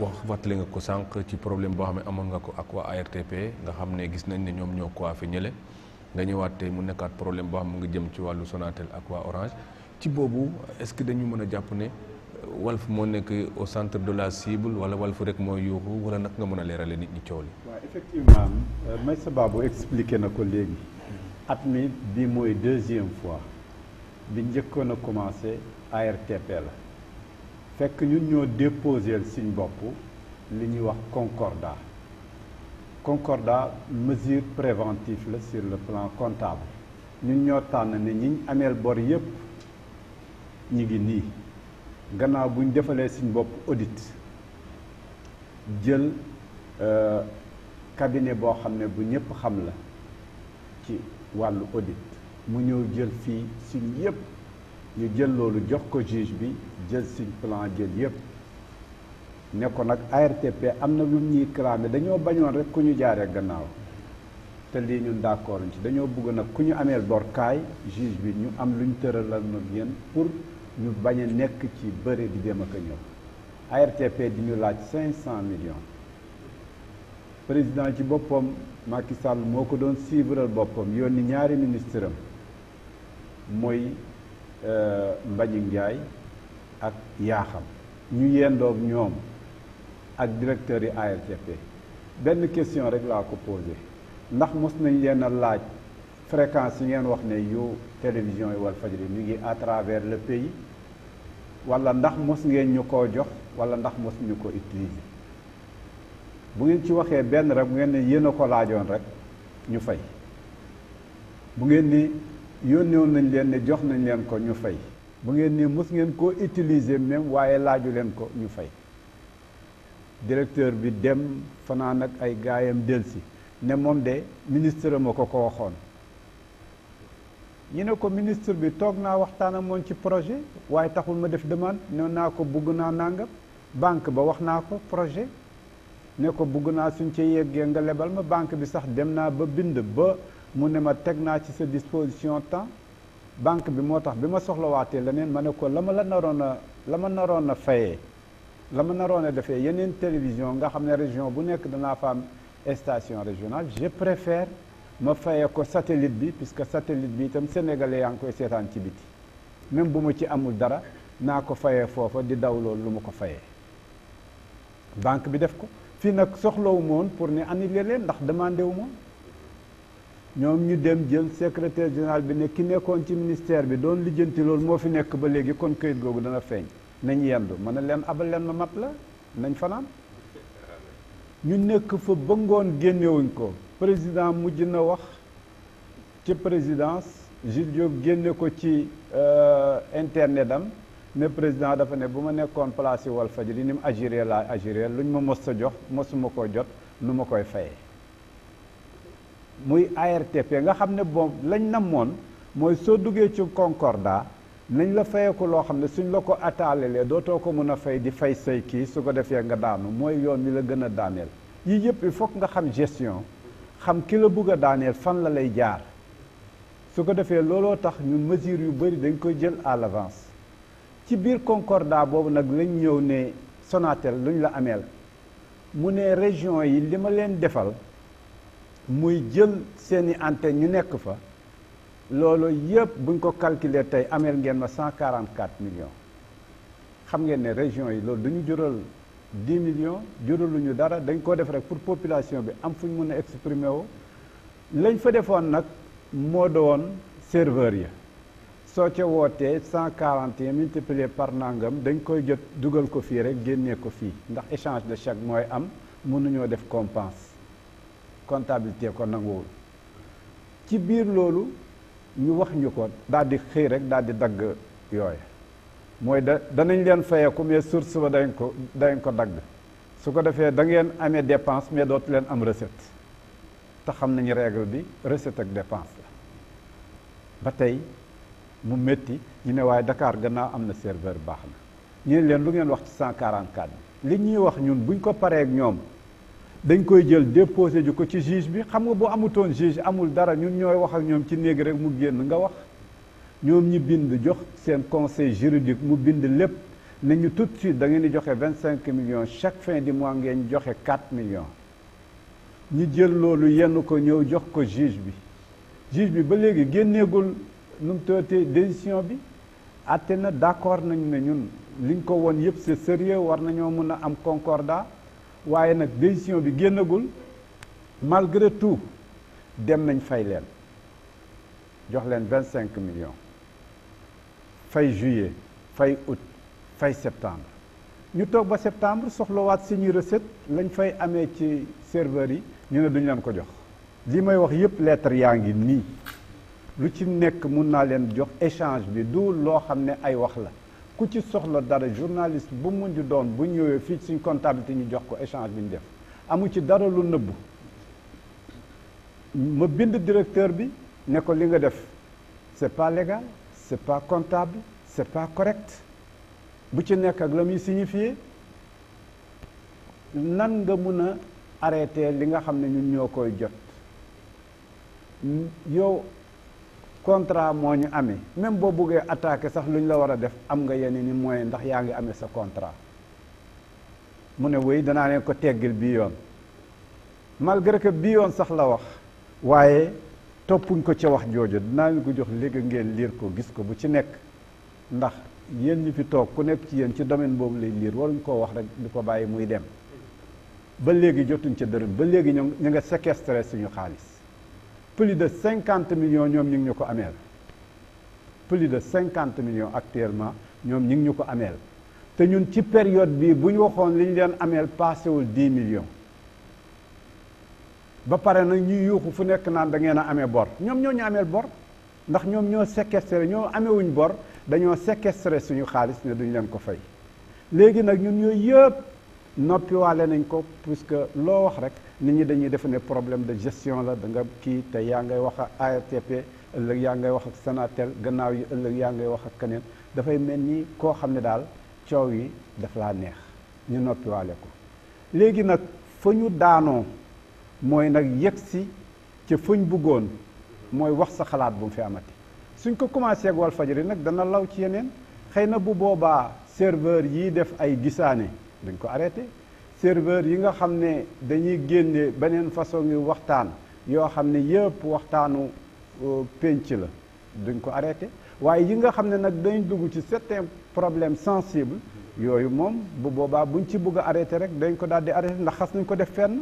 wax fàttali nga ko sànq ci problème boo xam ne amoon nga ko ak waa ARTP nga xam ne gis nañ ne ñoom ñoo ko fi ñële nga ñëwaat tey mu nekkaat problème boo xam ne nga jëm ci wàllu Sonatel ak waa Orange ci boobu est-ce que dañu mën a jàpp ne euh, Walf moo nekk au centre de la cible wala fu rek mooy yuuxu wala nag nga mën a leerale nit ñi coow li. waaw effectivement euh, may sababu expliqué na ko léegi at mi bi mooy deuxième fois bi njëkkoon a commencé ARTP la. fekk ñun ñoo déposé suñ bopp li ñuy wax concordat concordat mesure préventif la sur le plan comptable ñun ñoo tànn ne ñiñ ameel bor yépp ñi ngi nii gannaaw buñ defalee suñ bopp audit jël euh, cabinet boo xam ne bu ñépp xam la ci wàllu audit mu ñëw jël fii suñ yépp ñu jël loolu jox ko juge bi jël suñ plan jël yépp ne ko nag ARTP am na lu ñuy clamé dañoo bañoon rek ku ñu jaaree gannaaw te lii ñun d'accord ci dañoo bëgg nag ku ñu ameel borkaay juge bi ñu am lu ñu tëral ak yéen pour ñu bañ nekk ci bëre di dem ak a ñëw ARTP di ñu laaj cinq cent millions président ci boppam Macky Sall moo ko doon suivral boppam yónni ñaari ministre am mooy Euh, Mbagnick Ndiaye ak Yaaxam ñu yendoog ñoom ak directeur yi ARTP benn question rek laa ko posé ndax mos nañ leen a laaj fréquence yi ngeen wax ne yu télévision yi Walfadjri ñu ngi à travers le pays wala ndax mos ngeen ñu ko jox wala ndax mos ñu ko utiliser bu ngeen ci waxee benn rek bu ngeen ne yéen a ko laajoon rek ñu fay bu ngeen ni yónneewoon nañ leen ne jox nañ leen ko ñu fay bu ngeen ne mës ngeen koo utiliser même waaye laaju leen ko ñu fay directeur bi dem fanaan ak ay gaayam delsi ne moom de ministre ma ko ko waxoon ñu ne ko ministre bi toog naa waxtaan ak moom ci projet waaye taxul ma def demande ne naa ko bugg naa nangam banque ba wax naa ko projet ne ko bugg naa suñ ca yeggee nga lebal ma banque bi sax dem naa ba bind ba mu ne ma teg naa ci sa disposition temps banque bi moo tax bi ma soxlawaatee leneen ma ne ko la ma la naroon a la ma naroon a fayee la ma naroon a defee yeneen télévision nga xam ne région bu nekk danaa fa am station régionale je préfère ma fayee ko satellite bi puisque satellite bi itam sénégalais yaa ngi koy seetaan ci biti même bu ma ci amul dara naa ko fayee foofa di daw loolu lu ma ko fayee banque bi def ko fii nag soxlawu moon pour ne annuler leen ndax demandé wu moon ñoom ñu dem jël secrétaire général bi ne ki nekkoon ci ministère bi doon lijjanti loolu moo fi nekk ba léegi kon këyit googu dana feeñ nañ yendu ma ne leen abal leen ma mat la nañ fanaan ñu nekk fa ba ngoon génnewuñ ko président mujj na wax ci présidence Jules Diop génne ko ci euh, internet am ne président dafa ne bu ma nekkoon place wal Walfadjri ni mu agiré laa agiré luñ ma mos a jox mosuma koo jot nu ma koy fayee muy ARTP nga xam ne bon lañ namoon mooy soo duggee ci concordat nañ la fayeeku loo xam ne suñ la ko attaalelee dootoo ko mën a fay di fay say kii su ko defee nga daanu mooy yoon wi la gën a daaneel yii yëpp il nga xam gestion xam ki la bugg a daaneel fan la lay jaar su ko defee looloo tax ñu mesures yu bëri dañ koy jël à ci biir concordat boobu nag lañ ñëw ne Sonatel luñ la ameel mu ne région yi li ma leen defal muy jël seeni antenne ñu nekk fa loolu yëpp buñ ko calculer tey ameel ngeen ma cent quarante quatre millions xam ngeen ne région yi loolu duñu jural dix millions juraluñu dara dañ ko def rek pour population bi am fu ñu mën a exprimer wu lañ fa defoon nag moo doon serveur yi soo ca wootee cent quarante et un multiplié par nangam dañ koy jot dugal ko fii rek génnee ko fii ndax échange de chèque mooy am mënuñoo def compense comptabilité ko nanguwul ci biir loolu ñu wax ñu ko daal di xëy rek daal di dagg yooyu mooy da danañ leen fayeeku mais source ba dañ ko dañ ko dagg su ko defee da ngeen amee dépense mais dootu leen am recette te xam nañu règle bi recette ak dépense la ba tey mu metti ñu ne waaye dakaar gannaaw am na serveur baax na ñu ne leen lu ngeen wax ci 144 bi li ñuy wax ñun buñ ko paree ak ñoom dañ koy jël déposé ju ko ci juge bi xam nga boo amutoon juge amul dara ñun ñooy wax ak ñoom ci néeg rek mu génn nga wax ñoom ñi bind jox seen conseil juridique mu bind lépp ne ñu tout de suite da ngeen di joxe vingt cinq millions chaque fin di mois ngeen joxe quatre million ñu jël loolu yenn ko ñëw jox ko juge bi juge bi ba léegi génneegul nu mu tootee bi àtte na d'accord nañ ne ñun liñ ko woon yëpp c'est sérieux war nañoo mën a am concordat waaye nag décision bi génnagul malgré tout dem nañ fay leen jox leen vingt cinq millions fay juillet fay août fay septembre ñu toog ba septembre soxlawaat suñuy recette lañ fay amee ci serveur yi ñu ne duñ leen ko jox li may wax yépp lettre yaa ngi nii lu ci nekk mun naa leen jox échange bi du loo xam ne ay wax la ku ci soxla dara journaliste bu mu mën di doon bu ñëwee fii suñ comptabilité ñu jox ko échange bi ñu def amu ci dara lu nëbbu ma bind directeur bi ne ko li nga def c'est pas légal c'est pas comptable c'est pas correct bu ci nekk ak la muy signifié nan nga mun a arrêter li nga xam ne ñun ñoo koy jot yow contrat moo ñu amee même boo buggee attaquer sax lu ñu la war a def am nga yenn ni moyen ndax yaa ngi amee sa contrat mu ne wéy danaa ne ko teggil bii yoon malgré que bii yoon sax la wax waaye toppuñ ko ca wax jooju dinaa leen ko jox léegi ngeen liir ko gis ko bu ci nekk ndax yéen ñi fi toog ku nekk ci yéen ci domaine boobu lay liir waruñ koo wax rek di ko bàyyi muy dem ba léegi jotuñ ca dërëm ba léegi ñu ñu nga séquestré suñu xaalis plus de cinquante million ñoom ñu ngi ñu ko ameel plus de cinquante million actuellement ñoom ñu ngi ñu ko ameel te ñun ci période bi bu ñu waxoon li ñu leen ameel paasewul dix million ba pare nag ñuy yuuxu fu nekk naan da ngeen a amee bor ñoom ñoo ñu ameel bor ndax ñoom ñoo séquestré ñoo amewuñ bor dañoo sekestre suñu xaalis ne duñ leen ko fay léegi nag ñun yooyu yëpp noppiwaale nañ ko puisque loo wax rek nit ñi dañuy defe ne problème de gestion la da nga kii tey yaa ngay wax ak ARTP ëllëg yaa ngay wax ak Sonatel gannaaw yi ëllëg yaa ngay wax ak keneen dafay mel ni koo xam ne daal coow yi daf laa neex ñu noppiwaale ko léegi nag fa ñu daanoo mooy nag yegg si ca fuñ bëggoon mooy wax sa xalaat bu mu fi amati suñ ko commencé ak Walfadjri nag dana law ci yeneen xëy na bu boobaa serveur yii def ay gisaane dañ ko arrêté serveur yi nga xam ne dañuy génne beneen façon ngi waxtaan yoo xam ne yëpp waxtaanu euh, penc la dañ ko arrêté waaye yi nga xam ne nag dañ dugg ci certains problème sensible yooyu moom bu boobaa buñ ci bugg a arrêté rek dañ ko daal di arrêté ndax xas nañ ko def fenn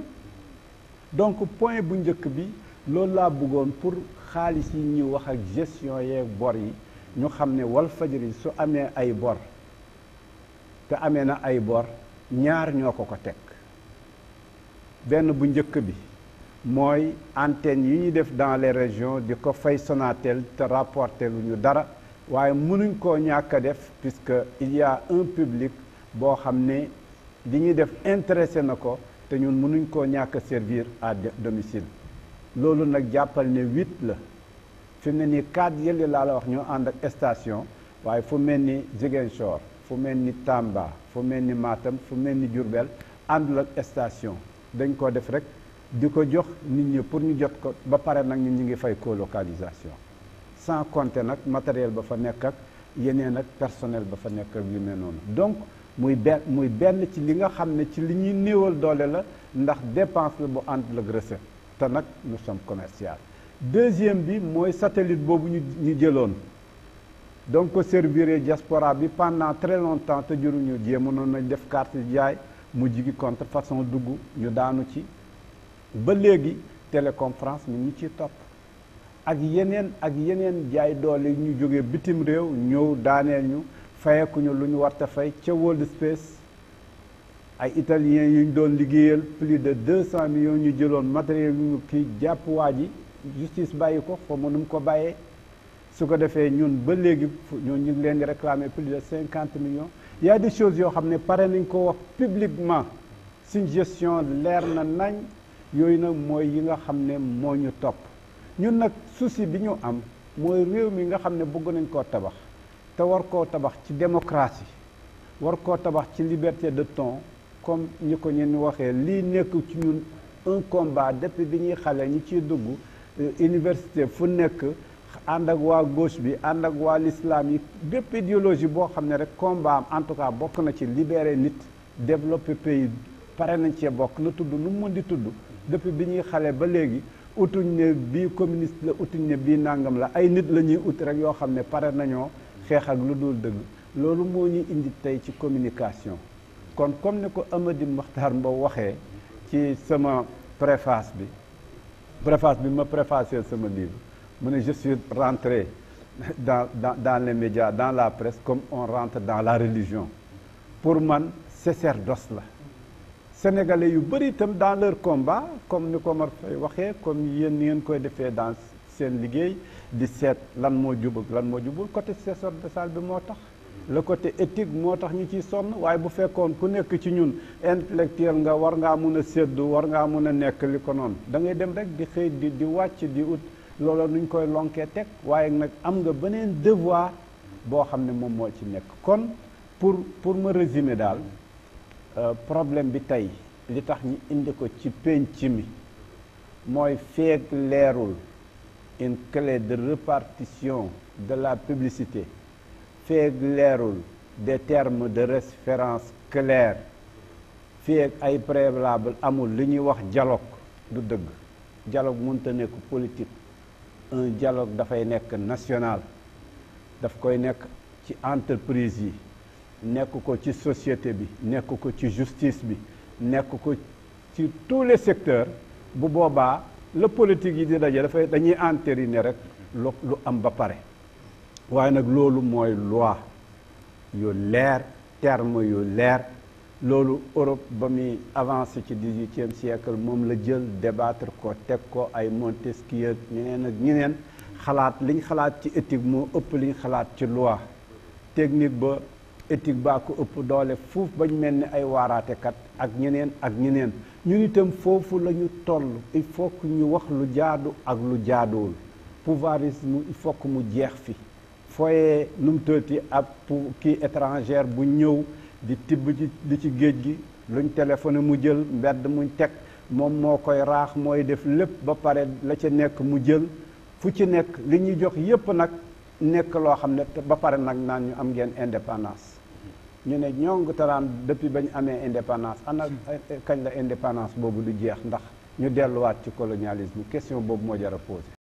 donc point bu njëkk bi loolu laa bëggoon pour xaalis yi ñuy wax ak gestion yeeg bor yi ñu xam ne Walfadjri su amee ay bor te amee na ay bor ñaar ñoo ko ko teg benn bu njëkk bi mooy antenne yi ñu def dans les régions di ko fay Sonatel te rapporté lu ñu dara waaye mënuñ koo ñàkk def puisque il y a public boo xam ne li ñuy def intéressé na ko te ñun mënuñ koo ñàkk a servir à domicile loolu nag jàppal ne huit la fi mu ne nii quatre yële laa la wax ñoo ànd ak station waaye fu mel ni Ziguinchor fu mel ni Tamba fu mel ni maatam fu mel ni Diourbel àndul ak station dañ koo def rek di ko jox nit ñi pour ñu jot ko ba pare nag ñun ñu ngi fay colocalisation sans compter nag matériel ba fa nekk ak yeneen ak personnel ba fa nekk ak yu mel noonu donc muy benn muy benn ci li nga xam ne ci li ñuy néewal doole la ndax dépense la bu àndul ak recette te nag nous sommes commercial deuxième bi mooy satellite boobu ñu ñu jëloon donc ko servir diaspora bi pendant très longtemps te juruñu jéem noonu nañ def carte jaay mu jigi contrefaçon dugg ñu daanu ci ba léegi télécom France mi ñu ci topp ak yeneen ak yeneen jaay doole yi ñu jóge bitim réew ñëw daaneel ñu fayekuñu lu ñu warta fay ca World Space ay italiens yu ñu doon liggéeyal plus de deux cent millions ñu jëloon matériel yu ñu kii jàpp waa ji justice bàyyi ko fa mënum ko bàyyee su ko defee ñun ba léegi ñoo ñu ngi leen di réclamer plus de cinquante million il y a yoo xam ne pare nañ ko wax publiquement suñ gestion leer na nañ yooyu nag mooy yi nga xam ne moo ñu topp ñun nag souci bi ñu am mooy réew mi nga xam ne bëgg nañ koo tabax te war koo tabax ci démocratie war koo tabax ci liberté de ton comme ñi ko ñeen waxee lii nekk ci ñun un combat depuis bi ñuy xale ñi ciy dugg euh, université fu nekk ànd ak waa gauche bi ànd ak waa lislaam yi bépp idéologie boo xam ne rek combat am en tout cas bokk na ci libérer nit développer pays pare nañ cee bokk na tudd nu mu di tudd depuis bi ñuy xale ba léegi utuñ ne bii communiste la utuñ ne bii nangam la ay nit la ñuy ut rek yoo xam ne pare nañoo xeex ak lu dul dëgg loolu moo ñuy indi tey ci communication kon comme ne ko Amady Mokhtar Mbow waxee ci sama préface bi préface bi ma préfacé sama livre mun a je suis rentré dans dans dans les dans la presse comme on rentre dans la religion pour man sacerdoce la sénégalais yu bëri dans leur combat comme ni ko Omar Faye waxee comme yéen ni ngeen koy defee dans seen liggéey di seet lan moo jub ak lan moo jubul côté sacerdotal bi moo tax la côté éthique moo tax ñu ciy sonn waaye bu fekkoon ku nekk ci ñun intellectuel nga war ngaa mun a séddu war ngaa mun a nekk li ko noonu da ngay dem rek di xëy di di wàcc di ut looloo nuñ koy lonkee teg waaye nag am nga beneen devoir boo xam ne moom moo ci nekk kon pour pour ma résumer daal euh, problème bi tey li tax ñu indi ko ci penc mi mooy feeg leerul une clé de répartition de la publicité feeg leerul de terme de référence clairs feeg ay préalable amul li ñuy wax dialogue du dëgg dialogue mënta nekk politique un dialogue dafay nekk national daf koy nekk ci entreprise yi nekk ko ci société bi nekk ko ci justice bi nekk ko ci tous les secteurs bu boobaa la politique yi di daje dafay dañuy entériner rek lu lu am ba pare waaye nag loolu mooy loi yu leer terme yu leer loolu Europe ba muy avancé ci dix-huitième siècle moom la jël débattre ko teg ko ay Montesquieu ak ñeneen ak ñeneen xalaat liñ xalaat ci éthique moo ëpp liñ xalaat ci loi technique ba éthique baa ko ëpp doole fuuf bañ mel ni ay waaraatekat ak ñeneen ak ñeneen ñun itam foofu lañu ñu toll il faut ñu wax lu jaadu ak lu jaaduwul pouvoirisme il faut mu jeex fi fooyee nu mu tëti ab kii étrangère bu ñëw di tibb ci di ci géej gi lu luñ téléphone mu jël mbedd muñ teg moom moo koy raax mooy def lépp ba pare la ca nekk mu jël fu ci nekk li ñuy jox yépp nag nekk loo xam ne ba pare nag naan ñu am ngeen indépendance ñu ne ñong taraan depuis ba ñu amee indépendance ana eh, kañ la indépendance boobu du jeex ndax ñu delluwaat ci colonialisme question boobu moo jar a